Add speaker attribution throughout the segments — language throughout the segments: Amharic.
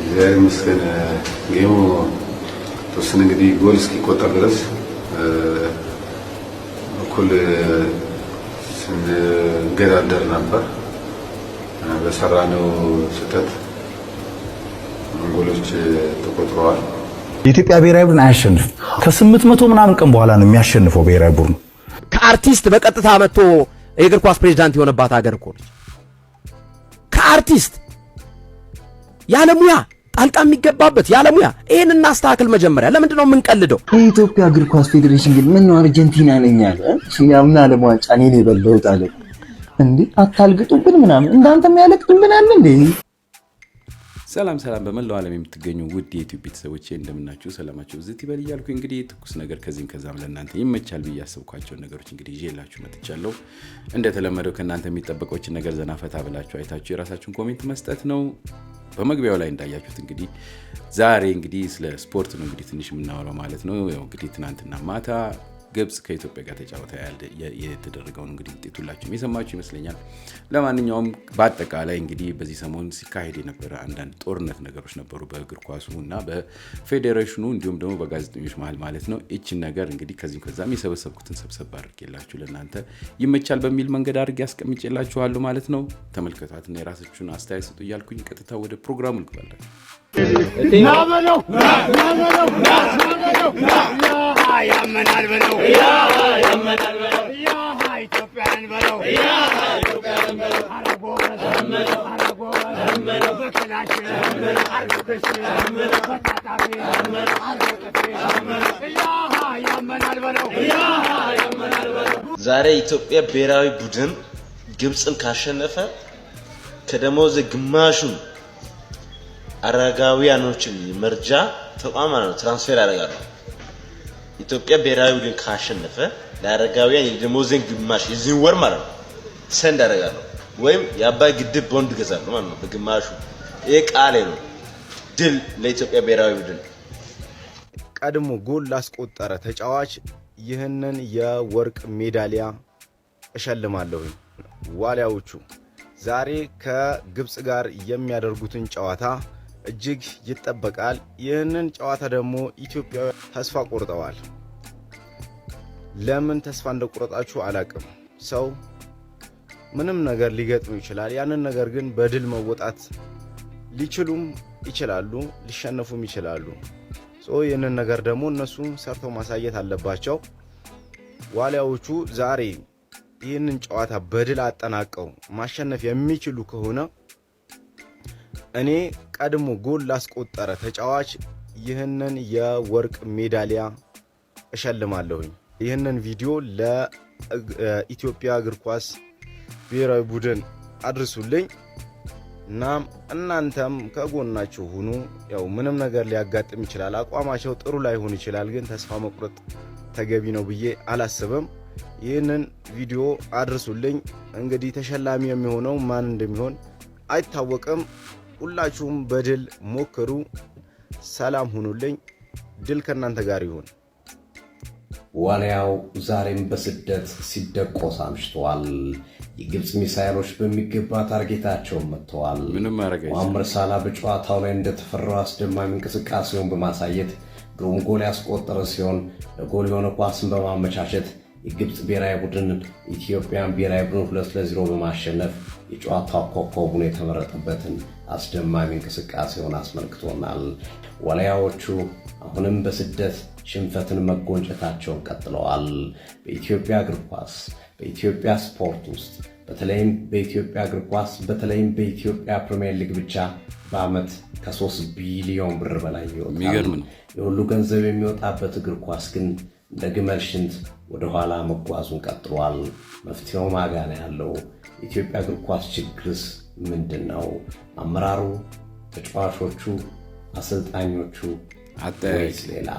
Speaker 1: እግዚአብሔር ይመስገን ጌሙ ተወሰነ እንግዲህ ጎል እስኪቆጠር ድረስ እኩል ስንገዳደር ነበር። በሰራነው ስህተት ጎሎች ተቆጥረዋል። የኢትዮጵያ ብሔራዊ ቡድን አያሸንፍም። ከስምንት መቶ ምናምን ቀን በኋላ ነው የሚያሸንፈው ብሔራዊ ቡድኑ።
Speaker 2: ከአርቲስት በቀጥታ መጥቶ የእግር ኳስ ፕሬዚዳንት የሆነባት ሀገር እኮ ነች። ከአርቲስት ያለ ሙያ ጣልቃ የሚገባበት ያለ ሙያ። ይህን እናስተካክል መጀመሪያ። ለምንድን ነው የምንቀልደው?
Speaker 1: የኢትዮጵያ እግር ኳስ ፌዴሬሽን ግን ምነው አርጀንቲና ነኝ አለ። ያምና ዓለም ዋንጫ እኔን የበለሁት አለ። እንዴ አታልግጡብን ምናምን። እንዳንተ የሚያለቅጡብን አለ እንዴ? ሰላም ሰላም በመላው ዓለም የምትገኙ ውድ የዩቲዩብ ቤተሰቦቼ እንደምናችሁ ሰላማችሁ ዝት ይበል እያልኩ እንግዲህ ትኩስ ነገር ከዚህም ከዛም ለእናንተ ይመቻል ብዬ ያሰብኳቸውን ነገሮች እንግዲህ ይዤላችሁ መጥቻለሁ። እንደተለመደው ከእናንተ የሚጠበቀችን ነገር ዘና ፈታ ብላችሁ አይታችሁ የራሳችሁን ኮሜንት መስጠት ነው። በመግቢያው ላይ እንዳያችሁት እንግዲህ ዛሬ እንግዲህ ስለ ስፖርት ነው እንግዲህ ትንሽ የምናወረው ማለት ነው። እንግዲህ ትናንትና ማታ ግብፅ ከኢትዮጵያ ጋር ተጫወታ የተደረገውን እንግዲህ ውጤት ሁላችሁም የሰማችሁ ይመስለኛል። ለማንኛውም በአጠቃላይ እንግዲህ በዚህ ሰሞን ሲካሄድ የነበረ አንዳንድ ጦርነት ነገሮች ነበሩ በእግር ኳሱ እና በፌዴሬሽኑ እንዲሁም ደግሞ በጋዜጠኞች መሀል ማለት ነው። ይችን ነገር እንግዲህ ከዚህም ከዛም የሰበሰብኩትን ሰብሰብ አድርጌላችሁ ለእናንተ ይመቻል በሚል መንገድ አድርጌ ያስቀምጬላችኋለሁ ማለት ነው። ተመልከቷትና የራሳችሁን አስተያየት ስጡ እያልኩኝ ቀጥታ ወደ ፕሮግራሙ ልግባለን።
Speaker 3: ናበለው ናበለው ናበለው በለው ያመናል በለው ኢትዮጵያን በለው
Speaker 4: ዛሬ ኢትዮጵያ ብሔራዊ ቡድን ግብፅን ካሸነፈ ከደሞዝ ግማሹን አረጋውያኖችን መርጃ ተቋም ማለት ነው ትራንስፌር ያደርጋሉ። ኢትዮጵያ ብሔራዊ ቡድን ካሸነፈ ለአረጋውያን የደሞዝን ግማሽ የዚህን ወር ማለት ነው ሰንድ ያደርጋሉ። ወይም የአባይ ግድብ ቦንድ ገዛሉ ማለት ነው በግማሹ። ይሄ ቃሌ ነው። ድል ለኢትዮጵያ ብሔራዊ ቡድን።
Speaker 5: ቀድሞ ጎል ላስቆጠረ ተጫዋች ይህንን የወርቅ ሜዳሊያ እሸልማለሁ። ዋሊያዎቹ ዛሬ ከግብፅ ጋር የሚያደርጉትን ጨዋታ እጅግ ይጠበቃል። ይህንን ጨዋታ ደግሞ ኢትዮጵያውያን ተስፋ ቆርጠዋል። ለምን ተስፋ እንደቆረጣችሁ አላቅም። ሰው ምንም ነገር ሊገጥሙ ይችላል። ያንን ነገር ግን በድል መወጣት ሊችሉም ይችላሉ፣ ሊሸነፉም ይችላሉ። ይህንን ነገር ደግሞ እነሱ ሰርተው ማሳየት አለባቸው። ዋሊያዎቹ ዛሬ ይህንን ጨዋታ በድል አጠናቀው ማሸነፍ የሚችሉ ከሆነ እኔ ቀድሞ ጎል ላስቆጠረ ተጫዋች ይህንን የወርቅ ሜዳሊያ እሸልማለሁኝ። ይህንን ቪዲዮ ለኢትዮጵያ እግር ኳስ ብሔራዊ ቡድን አድርሱልኝ። እናም እናንተም ከጎናችሁ ሁኑ። ያው ምንም ነገር ሊያጋጥም ይችላል። አቋማቸው ጥሩ ላይሆን ይችላል፣ ግን ተስፋ መቁረጥ ተገቢ ነው ብዬ አላስብም። ይህንን ቪዲዮ አድርሱልኝ። እንግዲህ ተሸላሚ የሚሆነው ማን እንደሚሆን አይታወቅም። ሁላችሁም በድል ሞክሩ። ሰላም ሁኑልኝ። ድል ከእናንተ ጋር ይሁን።
Speaker 1: ዋልያው ዛሬም በስደት ሲደቆስ አምሽተዋል። የግብፅ ሚሳይሎች በሚገባ ታርጌታቸውን መጥተዋል። ሙአመር ሳላ በጨዋታው ላይ እንደተፈራው አስደማሚ እንቅስቃሴውን በማሳየት ግሩም ጎል ያስቆጠረ ሲሆን ለጎል የሆነ ኳስን በማመቻቸት የግብፅ ብሔራዊ ቡድን ኢትዮጵያን ብሔራዊ ቡድን ሁለት ለዜሮ በማሸነፍ የጨዋታው ኮከብ የተመረጠበትን አስደማሚ እንቅስቃሴውን አስመልክቶናል። ወላያዎቹ አሁንም በስደት ሽንፈትን መጎንጨታቸውን ቀጥለዋል። በኢትዮጵያ እግር ኳስ፣ በኢትዮጵያ ስፖርት ውስጥ በተለይም በኢትዮጵያ እግር ኳስ በተለይም በኢትዮጵያ ፕሪምየር ሊግ ብቻ በዓመት ከ3 ቢሊዮን ብር በላይ ይወጣል። የሁሉ ገንዘብ የሚወጣበት እግር ኳስ ግን እንደ ግመል ሽንት ወደኋላ መጓዙን ቀጥሏል። መፍትሄው ማጋ ያለው? የኢትዮጵያ እግር ኳስ ችግርስ ምንድን ነው አመራሩ፣ ተጫዋቾቹ፣ አሰልጣኞቹ ወይስ ሌላ?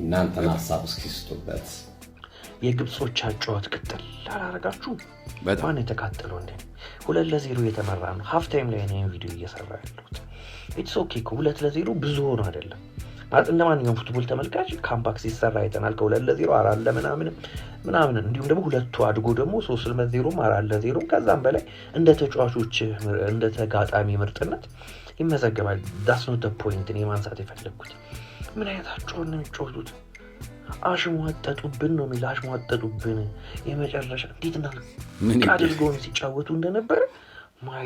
Speaker 1: እናንተን ሀሳብ እስኪስጡበት ስጡበት።
Speaker 2: የግብጾች አጫዋት ቅጥል አላረጋችሁ በጣም የተካጠሉ እንዴ! ሁለት ለዜሮ የተመራ ነው። ሀፍታይም ላይ ነው ቪዲዮ እየሰራ ያለሁት። ኢትስ ኦኬ ሁለት ለዜሮ ብዙ ሆኖ አይደለም ማለት እንደ ማንኛውም ፉትቦል ተመልካች ካምባክ ሲሰራ አይተናል። ከሁለት ለዜሮ አራት ለምናምን ምናምን እንዲሁም ደግሞ ሁለቱ አድጎ ደግሞ ሶስት ለዜሮም አራት ለዜሮ ከዛም በላይ እንደ ተጫዋቾች እንደ ተጋጣሚ ምርጥነት ይመዘገባል። ዳስኖተ ፖይንት እኔ ማንሳት የፈለግኩት ምን አይነታቸውን ነው የሚጫወቱት? አሽሟጠጡብን ነው የሚል አሽሟጠጡብን። የመጨረሻ እንዴት ናል ምን ሲጫወቱ እንደነበረ ማይ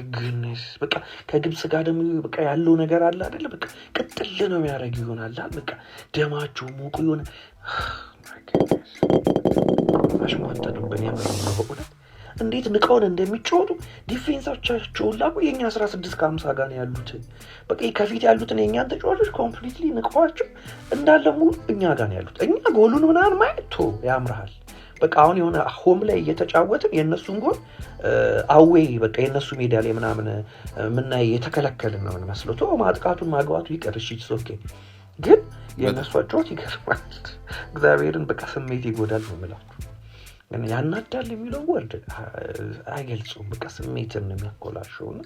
Speaker 2: በቃ ከግብፅ ጋር ደግሞ በቃ ያለው ነገር አለ አይደለ? በቃ ቅጥል ነው የሚያደረግ ይሆናል። በቃ ደማቸው ሞቁ የሆነ አሽሟንተኑብን ያመረው በእውነት እንዴት ንቀውን እንደሚጫወቱ ዲፌንሳቻቸው ላቁ የኛ አስራ ስድስት ከአምሳ ጋር ነው ያሉት። በቃ ከፊት ያሉትን የእኛን ተጫዋቾች ኮምፕሊትሊ ንቀዋቸው እንዳለ ሙሉ እኛ ጋር ነው ያሉት። እኛ ጎሉን ምናን ማየቶ ያምርሃል በቃ አሁን የሆነ ሆም ላይ እየተጫወትን የእነሱን ጎል አዌይ በቃ የእነሱ ሜዳ ላይ ምናምን የምናየ የተከለከልን ነው መስሎቶ ማጥቃቱን ማግባቱ ይቀር እሺ፣ ኦኬ ግን የእነሱ አጫወት ይገርማል። እግዚአብሔርን በቃ ስሜት ይጎዳል ነው ምላ ያናዳል የሚለው ወርድ አይገልጹም። በቃ ስሜትን የሚያኮላሸውና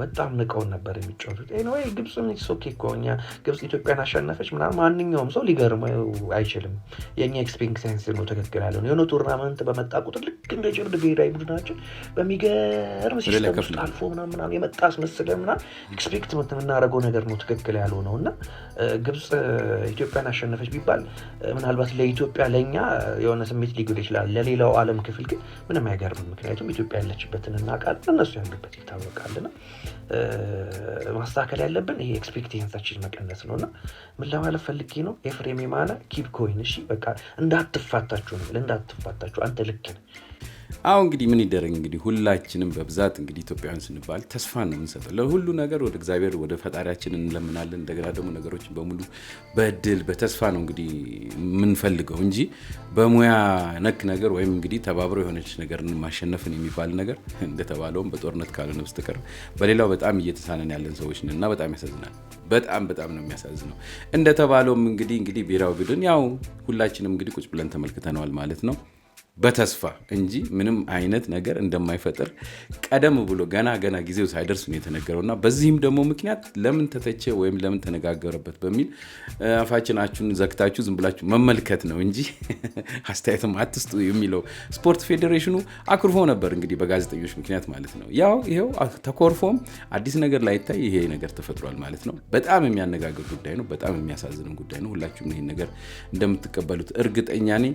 Speaker 2: በጣም ንቀውን ነበር የሚጫወቱት። ኤኒዌይ ግብፅ ሶኬ ኮኛ ግብፅ ኢትዮጵያን አሸነፈች ምናምን ማንኛውም ሰው ሊገርመው አይችልም። የእኛ ኤክስፔሪንስ ነው ትክክል ያለ የሆነ ቱርናመንት በመጣ ቁጥር ልክ እንደ ጭርድ ብሔራዊ ቡድናችን በሚገርም ሲስተም ውስጥ አልፎ ምናምና የመጣ አስመስለ ምና ኤክስፔክት የምናደረገው ነገር ነው ትክክል ያለው ነው እና ግብፅ ኢትዮጵያን አሸነፈች ቢባል ምናልባት ለኢትዮጵያ ለእኛ የሆነ ስሜት ሊጎል ይችላል። ለሌላው አለም ክፍል ግን ምንም አይገርምም። ምክንያቱም ኢትዮጵያ ያለችበትን እናቃል እነሱ ያሉበት ይታወቃል። እና ማስተካከል ያለብን ይሄ ኤክስፔክቴንሳችን መቀነስ ነው። እና ምን ለማለት ፈልጌ ነው ኤፍሬም የማነ ኪፕ ኮይን እሺ፣ በቃ እንዳትፋታችሁ ነው እንዳትፋታችሁ፣ አንተ ልክ ነህ
Speaker 1: አሁ እንግዲህ ምን ይደረግ እንግዲህ ሁላችንም በብዛት እንግዲህ ኢትዮጵያውያን ስንባል ተስፋ ነው የምንሰጠው ለሁሉ ነገር ወደ እግዚአብሔር ወደ ፈጣሪያችን እንለምናለን። እንደገና ደግሞ ነገሮችን በሙሉ በእድል በተስፋ ነው እንግዲህ የምንፈልገው እንጂ በሙያ ነክ ነገር ወይም እንግዲህ ተባብሮ የሆነች ነገር ማሸነፍን የሚባል ነገር እንደተባለውም በጦርነት ካልሆነ በስተቀር በሌላው በጣም እየተሳነን ያለን ሰዎች ነና በጣም ያሳዝናል። በጣም በጣም ነው የሚያሳዝነው። እንደተባለውም እንግዲህ እንግዲህ ብሔራዊ ቡድን ያው ሁላችንም እንግዲህ ቁጭ ብለን ተመልክተነዋል ማለት ነው። በተስፋ እንጂ ምንም አይነት ነገር እንደማይፈጥር ቀደም ብሎ ገና ገና ጊዜው ሳይደርስ ነው የተነገረው እና በዚህም ደግሞ ምክንያት ለምን ተተቸ ወይም ለምን ተነጋገረበት በሚል አፋችናችሁን ዘግታችሁ ዝም ብላችሁ መመልከት ነው እንጂ አስተያየትም አትስጡ የሚለው ስፖርት ፌዴሬሽኑ አኩርፎ ነበር እንግዲህ በጋዜጠኞች ምክንያት ማለት ነው። ያው ይኸው ተኮርፎም አዲስ ነገር ላይታይ ይሄ ነገር ተፈጥሯል ማለት ነው። በጣም የሚያነጋግር ጉዳይ ነው። በጣም የሚያሳዝንም ጉዳይ ነው። ሁላችሁም ይህን ነገር እንደምትቀበሉት እርግጠኛ ነኝ።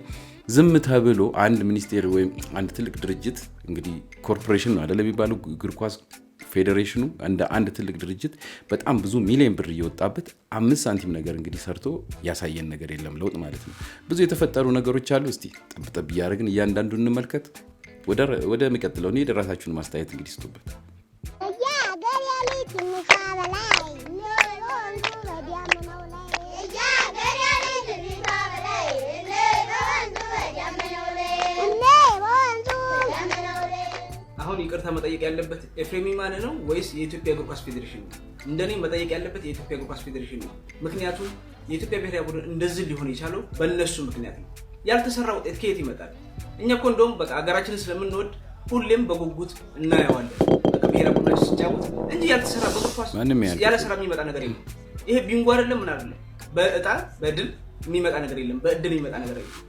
Speaker 1: ዝም ተብሎ አንድ ሚኒስቴር ወይም አንድ ትልቅ ድርጅት እንግዲህ ኮርፖሬሽን ነው አደለም የሚባለው እግር ኳስ ፌዴሬሽኑ እንደ አንድ ትልቅ ድርጅት በጣም ብዙ ሚሊዮን ብር እየወጣበት አምስት ሳንቲም ነገር እንግዲህ ሰርቶ ያሳየን ነገር የለም። ለውጥ ማለት ነው። ብዙ የተፈጠሩ ነገሮች አሉ። እስቲ ጠብጠብ እያደረግን እያንዳንዱ እንመልከት። ወደ ሚቀጥለው እኔ ራሳችሁን ማስተያየት እንግዲህ ስጡበት።
Speaker 2: መጠየቅ ያለበት ኤፍሬም ማን ነው ወይስ የኢትዮጵያ እግር ኳስ ፌዴሬሽን ነው? እንደኔ መጠየቅ ያለበት የኢትዮጵያ እግር ኳስ ፌዴሬሽን ነው። ምክንያቱም የኢትዮጵያ ብሔራዊ ቡድን እንደዚህ ሊሆን የቻለው በእነሱ ምክንያት ነው። ያልተሰራ ውጤት ከየት ይመጣል? እኛ እኮ እንደውም በቃ ሀገራችንን ስለምንወድ ሁሌም በጉጉት እናየዋለን ብሔራዊ ቡድን ሲጫወት እንጂ ያልተሰራ በእግር ኳስ ያለ ያለስራ የሚመጣ ነገር የለም። ይሄ ቢንጎ አይደለም ምን አይደለም። በእጣ በድል የሚመጣ ነገር የለም። በእድል የሚመጣ ነገር የለም።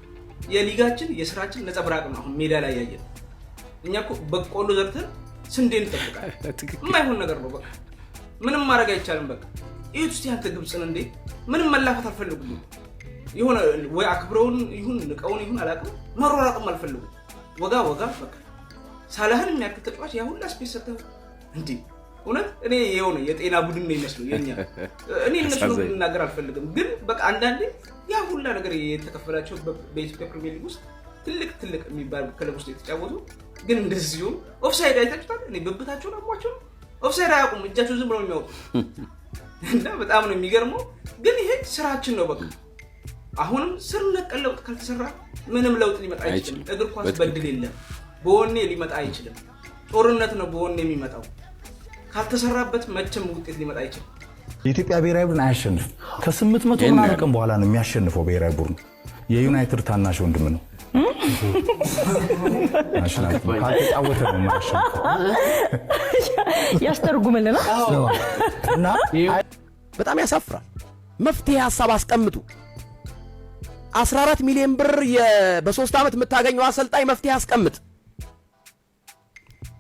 Speaker 2: የሊጋችን የስራችን ነጸብራቅ ነው አሁን ሜዳ ላይ ያየነው። እኛ እኮ በቆሎ ዘርተን ስንዴ እንጠብቃለን። የማይሆን ነገር ነው። በቃ ምንም ማድረግ አይቻልም። በቃ ይህት ውስጥ ያንተ ግብፅን እንዴ ምንም መላፈት አልፈልጉም። የሆነ ወይ አክብረውን ይሁን ንቀውን ይሁን አላውቅም። መሯራጥም አልፈልጉም። ወጋ ወጋ በቃ ሳላህን የሚያክል ተጫዋች ያ ሁላ ስፔስ ሰጥተው እንዴ እውነት እኔ የሆነ የጤና ቡድን ነው ይመስሉ የኛ እኔ እነሱ ልናገር አልፈልግም፣ ግን በቃ አንዳንዴ ያ ሁላ ነገር የተከፈላቸው በኢትዮጵያ ፕሪሚየር ሊግ ውስጥ ትልቅ ትልቅ የሚባል ክለብ ውስጥ የተጫወቱ ግን እንደዚሁ ኦፍሳይድ አይታችሁታል። እኔ ብብታቸውን አሟቸው ኦፍሳይድ አያውቁም። እጃቸው ዝም ብለው የሚያውቁ እና በጣም ነው የሚገርመው። ግን ይሄ ስራችን ነው በቃ አሁንም ስር ነቀል ለውጥ ካልተሰራ ምንም ለውጥ ሊመጣ አይችልም። እግር ኳስ በድል የለም፣ በወኔ ሊመጣ አይችልም። ጦርነት ነው በወኔ የሚመጣው። ካልተሰራበት መቼም ውጤት ሊመጣ አይችልም።
Speaker 1: የኢትዮጵያ ብሔራዊ ቡድን አያሸንፍም። ከስምንት መቶ ምናምን ቀን በኋላ ነው የሚያሸንፈው ብሔራዊ ቡድን የዩናይትድ ታናሽ ወንድም ነው።
Speaker 6: ያስተርጉምልና
Speaker 2: እና በጣም ያሳፍራል። መፍትሄ ሀሳብ አስቀምጡ። 14 ሚሊዮን ብር በሶስት ዓመት የምታገኘው አሰልጣኝ መፍትሄ አስቀምጥ፣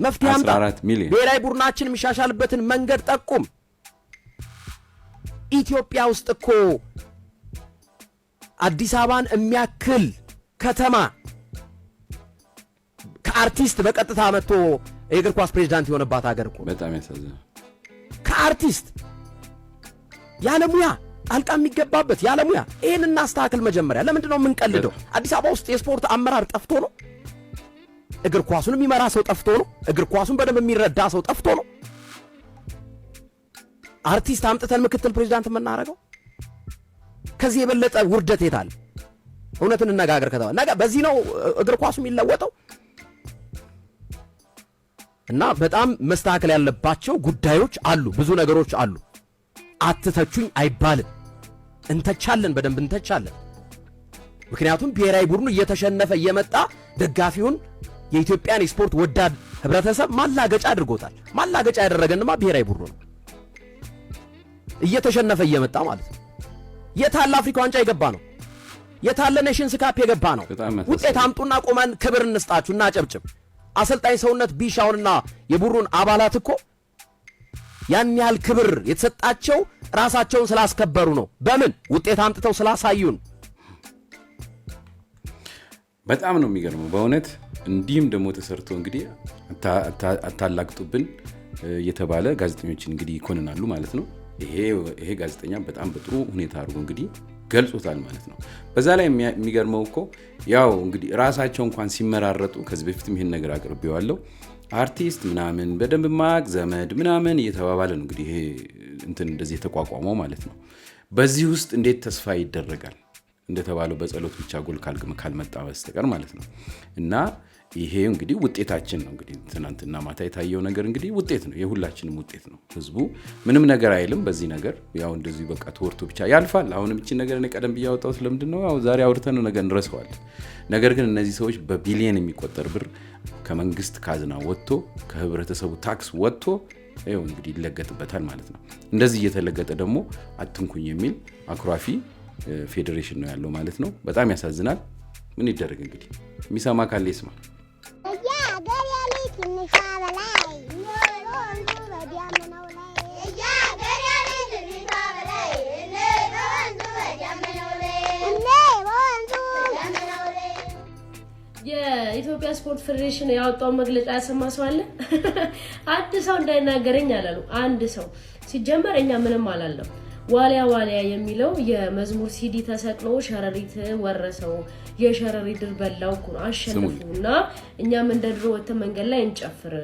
Speaker 2: መፍትሄ አምጣ። ብሔራዊ ቡድናችን የሚሻሻልበትን መንገድ ጠቁም። ኢትዮጵያ ውስጥ እኮ አዲስ አበባን የሚያክል ከተማ ከአርቲስት በቀጥታ መጥቶ የእግር ኳስ ፕሬዚዳንት የሆነባት ሀገር እኮ
Speaker 1: በጣም ያሳዝናል።
Speaker 2: ከአርቲስት ያለሙያ አልቃ ጣልቃ የሚገባበት ያለሙያ ይህን እናስተካክል መጀመሪያ። ለምንድን ነው የምንቀልደው? አዲስ አበባ ውስጥ የስፖርት አመራር ጠፍቶ ነው? እግር ኳሱን የሚመራ ሰው ጠፍቶ ነው? እግር ኳሱን በደንብ የሚረዳ ሰው ጠፍቶ ነው? አርቲስት አምጥተን ምክትል ፕሬዚዳንት የምናደርገው ከዚህ የበለጠ ውርደት የታል? እውነትን እነጋገር ከተባለ ነገ በዚህ ነው እግር ኳሱ የሚለወጠው። እና በጣም መስተካከል ያለባቸው ጉዳዮች አሉ፣ ብዙ ነገሮች አሉ። አትተቹኝ አይባልም። እንተቻለን፣ በደንብ እንተቻለን። ምክንያቱም ብሔራዊ ቡድኑ እየተሸነፈ እየመጣ ደጋፊውን የኢትዮጵያን የስፖርት ወዳድ ህብረተሰብ ማላገጫ አድርጎታል። ማላገጫ ያደረገንማ ብሔራዊ ቡድኑ ነው፣ እየተሸነፈ እየመጣ ማለት ነው። የታለ አፍሪካ ዋንጫ የገባ ነው የታለ ኔሽንስ ካፕ የገባ ነው። ውጤት አምጡና ቆመን ክብር እንስጣችሁ እና ጨብጭብ። አሰልጣኝ ሰውነት ቢሻውንና የቡሩን አባላት እኮ ያን ያህል ክብር የተሰጣቸው ራሳቸውን ስላስከበሩ ነው። በምን ውጤት አምጥተው ስላሳዩን።
Speaker 1: በጣም ነው የሚገርመው በእውነት እንዲህም ደግሞ ተሰርቶ እንግዲህ አታላግጡብን እየተባለ ጋዜጠኞች እንግዲህ ይኮንናሉ ማለት ነው። ይሄ ጋዜጠኛ በጣም በጥሩ ሁኔታ አድርጎ እንግዲህ ገልጾታል ማለት ነው። በዛ ላይ የሚገርመው እኮ ያው እንግዲህ ራሳቸው እንኳን ሲመራረጡ ከዚህ በፊትም ይህን ነገር አቅርቤዋለሁ። አርቲስት ምናምን በደንብ ማቅ ዘመድ ምናምን እየተባባለ ነው እንግዲህ ይሄ እንትን እንደዚህ የተቋቋመው ማለት ነው። በዚህ ውስጥ እንዴት ተስፋ ይደረጋል እንደተባለው በጸሎት ብቻ ጎል ካልመጣ በስተቀር ማለት ነው እና ይሄ እንግዲህ ውጤታችን ነው። እንግዲህ ትናንትና ማታ የታየው ነገር እንግዲህ ውጤት ነው፣ የሁላችንም ውጤት ነው። ህዝቡ ምንም ነገር አይልም። በዚህ ነገር ያው እንደዚህ በቃ ተወርቶ ብቻ ያልፋል። አሁን እቺ ነገር እኔ ቀደም ብዬ ያወጣሁት ለምንድን ነው? ያው ዛሬ አውርተን ነገር እንረሰዋል። ነገር ግን እነዚህ ሰዎች በቢሊየን የሚቆጠር ብር ከመንግስት ካዝና ወጥቶ ከህብረተሰቡ ታክስ ወጥቶ ይኸው እንግዲህ ይለገጥበታል ማለት ነው። እንደዚህ እየተለገጠ ደግሞ አትንኩኝ የሚል አኩራፊ ፌዴሬሽን ነው ያለው ማለት ነው። በጣም ያሳዝናል። ምን ይደረግ እንግዲህ፣ የሚሰማ ካለ ይስማ።
Speaker 7: የኢትዮጵያ ስፖርት ፌዴሬሽን ያወጣውን መግለጫ ያሰማ ሰው አለ? አንድ ሰው እንዳይናገረኝ አላሉ። አንድ ሰው ሲጀመር እኛ ምንም አላለም። ዋሊያ ዋሊያ የሚለው የመዝሙር ሲዲ ተሰቅሎ ሸረሪት ወረሰው የሸረሪት ድር በላው እኮ ነው። አሸንፉ እና እኛም እንደ ድሮ ወጥተን መንገድ ላይ እንጨፍር።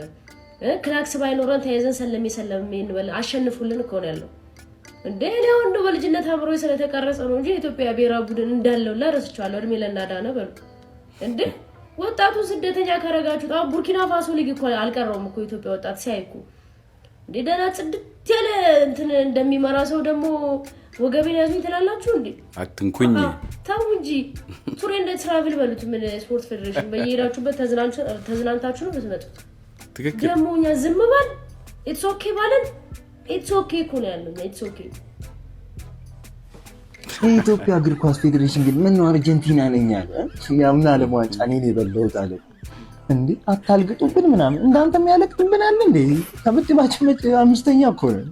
Speaker 7: ክላክስ ባይኖረን ተያይዘን ሰለሜ ሰለሜ እንበል። አሸንፉልን እኮ ነው ያለው። እንደ እኔ አሁን በልጅነት አብሮ ስለተቀረጸ ነው እንጂ የኢትዮጵያ ብሔራዊ ቡድን እንዳለው ረስቼዋለሁ። እድሜ ለእናዳነ በሉ እንደ ወጣቱን ስደተኛ ከረጋችሁ ቡርኪና ፋሶ ሊግ እኮ አልቀረውም እኮ ኢትዮጵያ ወጣት ሲያይኩ እንዴ ደህና ጽድት ያለ እንትን እንደሚመራ ሰው ደግሞ ወገቤን ያዙኝ ትላላችሁ እንዴ? አትንኩኝ ተው እንጂ ቱሬ እንደ ትራቭል በሉት። ምን ስፖርት ፌዴሬሽን በየሄዳችሁበት ተዝናንታችሁ ነው ብትመጡት። ትክክል ደግሞ እኛ ዝም ባል ኢትስ ኦኬ ባለን ኢትስ ኦኬ እኮ ነው ያለው። ኢትስ ኦኬ
Speaker 1: የኢትዮጵያ እግር ኳስ ፌዴሬሽን ግን ምን ነው አርጀንቲና ነኛል ያምና ዓለም ዋንጫ እኔን የበለሁት አለ እንዴ አታልግጡብን ምናምን እንዳንተ የሚያለቅብን አለ እንዴ? መጭ አምስተኛ እኮ ነው።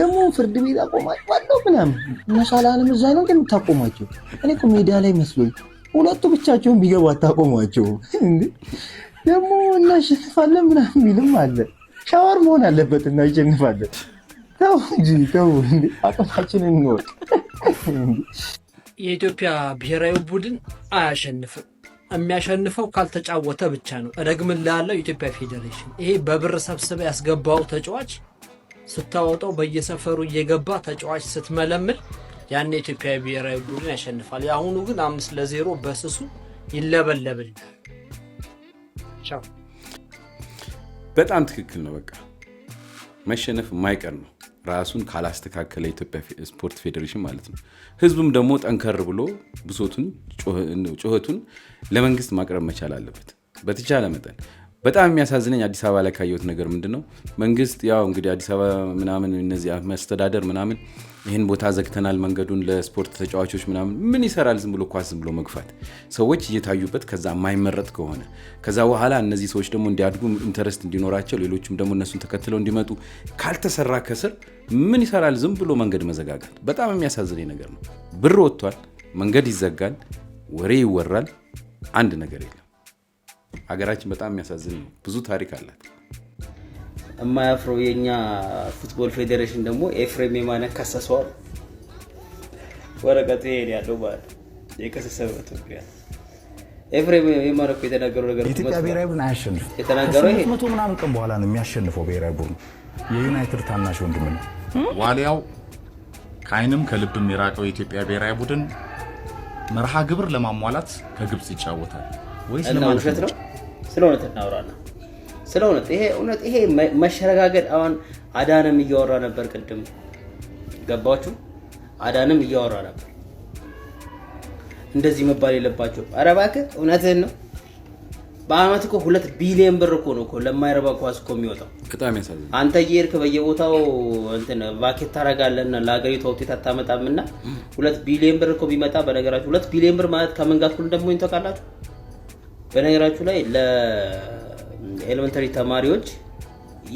Speaker 1: ደግሞ ፍርድ ቤት አቆማችኋለሁ ምናምን መሳላንም እዛ ነው እኔ ሜዳ ላይ መስሎኝ ሁለቱ ብቻቸውን ቢገቡ አታቆሟቸው። ደግሞ እናሸንፋለን ምናምን የሚልም አለ። ሻወር መሆን አለበት። እናሸንፋለን። ተው እንጂ ተው እንዴ አቅማችንን እንወቅ።
Speaker 8: የኢትዮጵያ ብሔራዊ ቡድን አያሸንፍም። የሚያሸንፈው ካልተጫወተ ብቻ ነው። እደግምላለሁ፣ የኢትዮጵያ ፌዴሬሽን ይሄ በብር ሰብስበ ያስገባው ተጫዋች ስታወጣው በየሰፈሩ እየገባ ተጫዋች ስትመለምል ያን የኢትዮጵያ ብሔራዊ ቡድን ያሸንፋል። የአሁኑ ግን አምስት ለዜሮ በስሱ ይለበለብል።
Speaker 1: በጣም ትክክል ነው። በቃ መሸነፍ የማይቀር ነው። ራሱን ካላስተካከለ የኢትዮጵያ ስፖርት ፌዴሬሽን ማለት ነው። ህዝቡም ደግሞ ጠንከር ብሎ ብሶቱን፣ ጩኸቱን ለመንግስት ማቅረብ መቻል አለበት በተቻለ መጠን በጣም የሚያሳዝነኝ አዲስ አበባ ላይ ካየሁት ነገር ምንድን ነው፣ መንግስት ያው እንግዲህ አዲስ አበባ ምናምን እነዚህ መስተዳደር ምናምን ይህን ቦታ ዘግተናል መንገዱን ለስፖርት ተጫዋቾች ምናምን ምን ይሰራል? ዝም ብሎ ኳስ ዝም ብሎ መግፋት ሰዎች እየታዩበት ከዛ የማይመረጥ ከሆነ ከዛ በኋላ እነዚህ ሰዎች ደግሞ እንዲያድጉ ኢንተረስት እንዲኖራቸው ሌሎችም ደግሞ እነሱን ተከትለው እንዲመጡ ካልተሰራ ከስር ምን ይሰራል? ዝም ብሎ መንገድ መዘጋጋት በጣም የሚያሳዝነኝ ነገር ነው። ብር ወጥቷል፣ መንገድ ይዘጋል፣ ወሬ ይወራል፣ አንድ ነገር የለም። ሀገራችን በጣም የሚያሳዝን ነው። ብዙ ታሪክ አላት።
Speaker 9: የማያፍረው የእኛ ፉትቦል ፌዴሬሽን ደግሞ ኤፍሬም የማነ ከሰሰዋል። ወረቀቱ ይሄን ያለው ማለት የከሰሰበት ምክንያት ኤፍሬም የማነ የተናገረው
Speaker 1: ነገር ብሔራዊ ቡድን የተናገረው መቶ ምናምን ቀን በኋላ ነው የሚያሸንፈው ብሔራዊ ቡድኑ የዩናይትድ ታናሽ ወንድም ነው። ዋሊያው ከአይንም ከልብም የራቀው የኢትዮጵያ ብሔራዊ ቡድን መርሃ ግብር ለማሟላት ከግብፅ ይጫወታል። ውሸት ነው።
Speaker 9: ስለ እውነት እናወራለን። ስለ እውነት ይሄ እውነት ይሄ አሁን አዳንም እያወራ ነበር ቅድም ገባችሁ? አዳንም እያወራ ነበር እንደዚህ መባል የለባቸው። ኧረ እባክህ እውነትህን ነው። በአመት እኮ ሁለት ቢሊዮን ብር እኮ ነው ለማይረባ ኳስ እኮ የሚወጣው። በጣም ያሳዝናል። አንተ እየሄድክ በየቦታው ቫኬት ታደርጋለህና ለሀገሪቷ ውጤት አታመጣምና ሁለት ቢሊዮን ብር እኮ ቢመጣ በነገራችሁ ሁለት ቢሊዮን ብር ማለት ከመንጋት ሁሉ ደግሞ ይንተቃላችሁ በነገራችሁ ላይ ለኤሌመንተሪ ተማሪዎች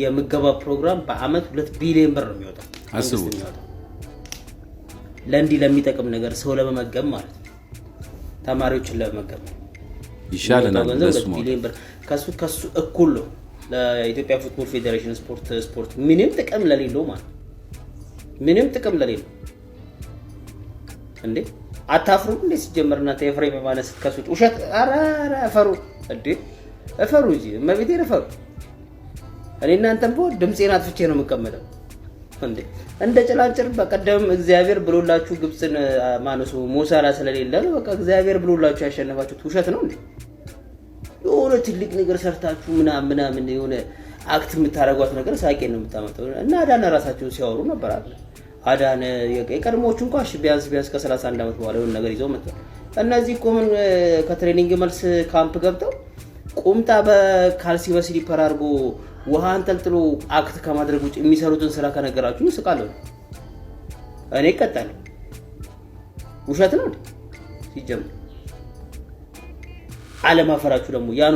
Speaker 9: የምገባ ፕሮግራም በአመት ሁለት ቢሊዮን ብር ነው የሚወጣው። አስቡት፣ ለእንዲህ ለሚጠቅም ነገር ሰው ለመመገብ ማለት ነው፣ ተማሪዎችን ለመመገብ
Speaker 1: ይሻለናል።
Speaker 9: ከሱ ከሱ እኩል ነው ለኢትዮጵያ ፉትቦል ፌዴሬሽን ስፖርት ስፖርት ምንም ጥቅም ለሌለው ማለት ምንም ጥቅም ለሌለው እንዴ አታፍሩ እንዴ? ሲጀመር እናንተ ኤፍሬም ማለት ስትከሱት ውሸት። አራ እፈሩ እንዴ እፈሩ እንጂ እመቤቴን እፈሩ። እኔ እናንተም ብሆን ድምፄን አጥፍቼ ነው የምቀመጠው። እንዴ እንደ ጭላንጭል በቀደም እግዚአብሔር ብሎላችሁ ግብፅን ማነሱ ሞሳላ ስለሌለ ነው በቃ እግዚአብሔር ብሎላችሁ ያሸነፋችሁት ውሸት ነው እንዴ? የሆነ ትልቅ ነገር ሰርታችሁ ምናምን ምናምን የሆነ አክት የምታደርጓት ነገር ሳቄ ነው የምታመጣው እና አዳና ራሳቸውን ሲያወሩ ነበር አለ አዳነ የቀድሞዎቹ እንኳ ቢያንስ ቢያንስ ከ31 ዓመት በኋላ የሆነ ነገር ይዘው መጥቷል። እነዚህ እኮ ምን ከትሬኒንግ መልስ ካምፕ ገብተው ቁምጣ በካልሲ በስሊፐር አድርጎ ውሃ አንጠልጥሎ አክት ከማድረግ ውጭ የሚሰሩትን ስራ ከነገራችሁ እስቃለሁ። እኔ ይቀጣል። ውሸት ነው ሲጀምር። አለማፈራችሁ ደግሞ ያኑ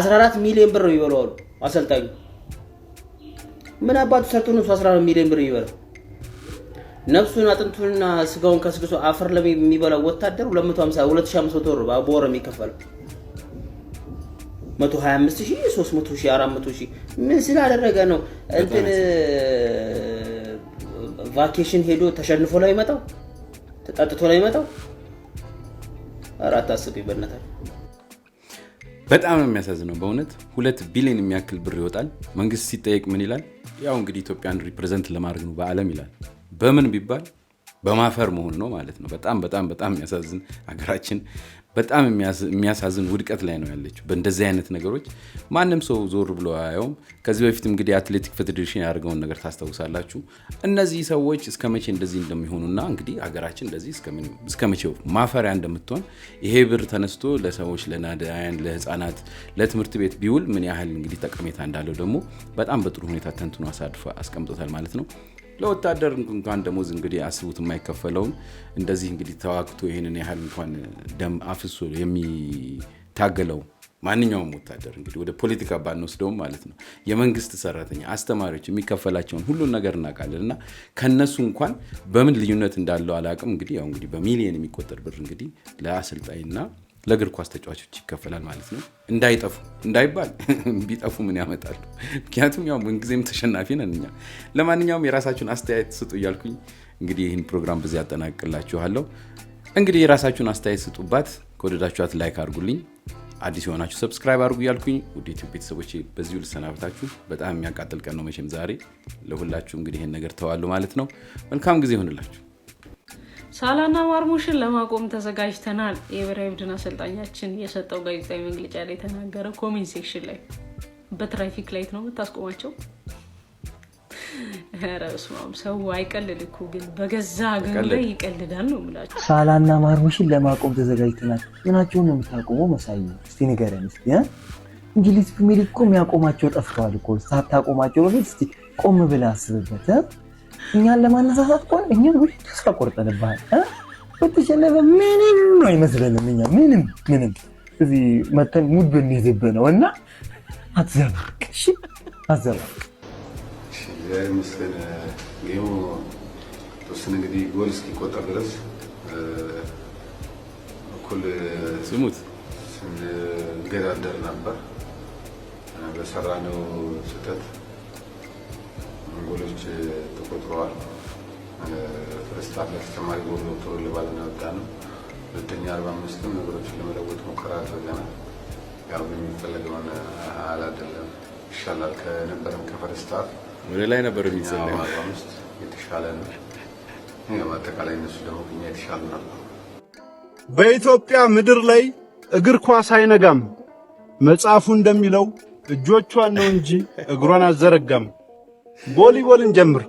Speaker 9: 14 ሚሊዮን ብር ነው ይበለዋሉ አሰልጣኙ ምን አባቱ ሰርቶ ነው እሱ 11 ሚሊዮን ብር የሚበላው? ነፍሱን አጥንቱንና ስጋውን ከስግሶ አፈር ለም ለሚበላው ወታደር 250 2500 ብር በወር የሚከፈለው 125 ሺህ 300 ሺህ 400 ሺህ ምን ስላደረገ ነው? እንትን ቫኬሽን ሄዶ ተሸንፎ ላይ ይመጣው ተጣጥቶ ላይ ይመጣው። ኧረ አታስቡኝ ይበነታል።
Speaker 1: በጣም ነው የሚያሳዝነው በእውነት ሁለት ቢሊዮን የሚያክል ብር ይወጣል። መንግስት ሲጠየቅ ምን ይላል? ያው እንግዲህ ኢትዮጵያን ሪፕሬዘንት ለማድረግ ነው በዓለም ይላል። በምን ቢባል በማፈር መሆን ነው ማለት ነው። በጣም በጣም በጣም የሚያሳዝን ሀገራችን በጣም የሚያሳዝን ውድቀት ላይ ነው ያለችው። በእንደዚህ አይነት ነገሮች ማንም ሰው ዞር ብሎ አያውም። ከዚህ በፊት እንግዲህ አትሌቲክ ፌዴሬሽን ያደርገውን ነገር ታስታውሳላችሁ። እነዚህ ሰዎች እስከ መቼ እንደዚህ እንደሚሆኑና እንግዲህ ሀገራችን እንደዚህ እስከ መቼው ማፈሪያ እንደምትሆን ይሄ ብር ተነስቶ ለሰዎች ለናዳያን፣ ለህፃናት ለትምህርት ቤት ቢውል ምን ያህል እንግዲህ ጠቀሜታ እንዳለው ደግሞ በጣም በጥሩ ሁኔታ ተንትኖ አሳድፎ አስቀምጦታል ማለት ነው። ለወታደር እንኳን ደሞዝ እንግዲህ አስቡት የማይከፈለውን እንደዚህ እንግዲህ ተዋግቶ ይህንን ያህል እንኳን ደም አፍሶ የሚታገለው ማንኛውም ወታደር እንግዲህ ወደ ፖለቲካ ባንወስደውም ማለት ነው። የመንግስት ሰራተኛ፣ አስተማሪዎች የሚከፈላቸውን ሁሉን ነገር እናውቃለን እና ከነሱ እንኳን በምን ልዩነት እንዳለው አላቅም እንግዲህ ያው እንግዲህ በሚሊየን የሚቆጠር ብር እንግዲህ ለአሰልጣኝና ለእግር ኳስ ተጫዋቾች ይከፈላል ማለት ነው። እንዳይጠፉ እንዳይባል ቢጠፉ ምን ያመጣሉ? ምክንያቱም ያው ምንጊዜም ተሸናፊ ነን እኛ። ለማንኛውም የራሳችሁን አስተያየት ስጡ እያልኩኝ እንግዲህ ይህን ፕሮግራም በዚህ ያጠናቅላችኋለሁ። እንግዲህ የራሳችሁን አስተያየት ስጡባት። ከወደዳችኋት ላይክ አድርጉልኝ። አዲስ የሆናችሁ ሰብስክራይብ አድርጉ እያልኩኝ ውድ ዩቲዩብ ቤተሰቦች በዚሁ ልሰናበታችሁ። በጣም የሚያቃጥል ቀን ነው መቼም ዛሬ። ለሁላችሁ እንግዲህ ይህን ነገር ተዋሉ ማለት ነው። መልካም ጊዜ ይሆንላችሁ።
Speaker 7: ሳላና ማርሙሽን ለማቆም ተዘጋጅተናል፣ የብሔራዊ ቡድን አሰልጣኛችን የሰጠው ጋዜጣዊ መግለጫ ላይ የተናገረ ኮሜንት ሴክሽን ላይ በትራፊክ ላይት ነው የምታስቆማቸው? ረስማም ሰው አይቀልድ እኮ ግን በገዛ ሀገሩ ላይ ይቀልዳል ነው
Speaker 1: የምላቸው። ሳላና ማርሙሽን ለማቆም ተዘጋጅተናል። ምናቸውን ነው የምታቆመው? መሳይ እስቲ ንገረን እስቲ። እንግሊዝ ፕሪሚየር ሊግ እኮ የሚያቆማቸው ጠፍተዋል እኮ። ሳታቆማቸው በፊት እስቲ ቆም ብለህ አስብበት። እኛን ለማነሳሳት ቆን እኛ ተስፋ ቆርጠንብሃል። በተሸነፈ ምንም አይመስለንም። እኛ ምንም ምንም እዚህ መተን ሙድ በሚይዝብህ ነው እና አትዘባርቅ፣ አትዘባርቅ
Speaker 10: ስን እንግዲህ ጎል እስኪቆጠር ድረስ እኩል ስሙት ስንገዳደር ነበር በሰራነው ስህተት ጎሎች ተቆጥረዋል። ፍርስታት ለተጨማሪ ጎል ወጥቶ ለባልና ወጣ ነው። ሁለተኛ አርባ አምስትም ነገሮችን ለመለወጥ ሙከራ አድርገናል። ያው የሚፈለገውን አላደለም። ይሻላል ከነበረም ከፈርስታት
Speaker 1: ወደ ላይ ነበር የሚዘለ አርባ አምስት
Speaker 10: የተሻለ ነው። አጠቃላይ እነሱ ደግሞ ከኛ የተሻሉ ነበር።
Speaker 2: በኢትዮጵያ ምድር ላይ እግር ኳስ አይነጋም። መጽሐፉ እንደሚለው እጆቿን ነው እንጂ እግሯን አዘረጋም። ቮሊቦልን ጀምር።